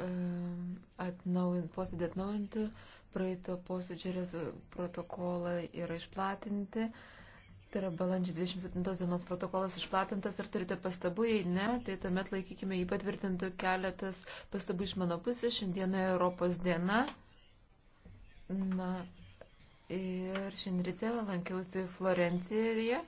Ehm, atnaujint, posėdį atnaujinti, praeito posėdžio protokolą yra išplatinti. Tai yra balandžio 27 dienos protokolas išplatintas. Ar turite pastabų? Jei ne, tai tuomet laikykime jį patvirtintų keletas pastabų iš mano pusės. Šiandiena Europos diena. Na, ir šiandien ryte lankiausi Florencijoje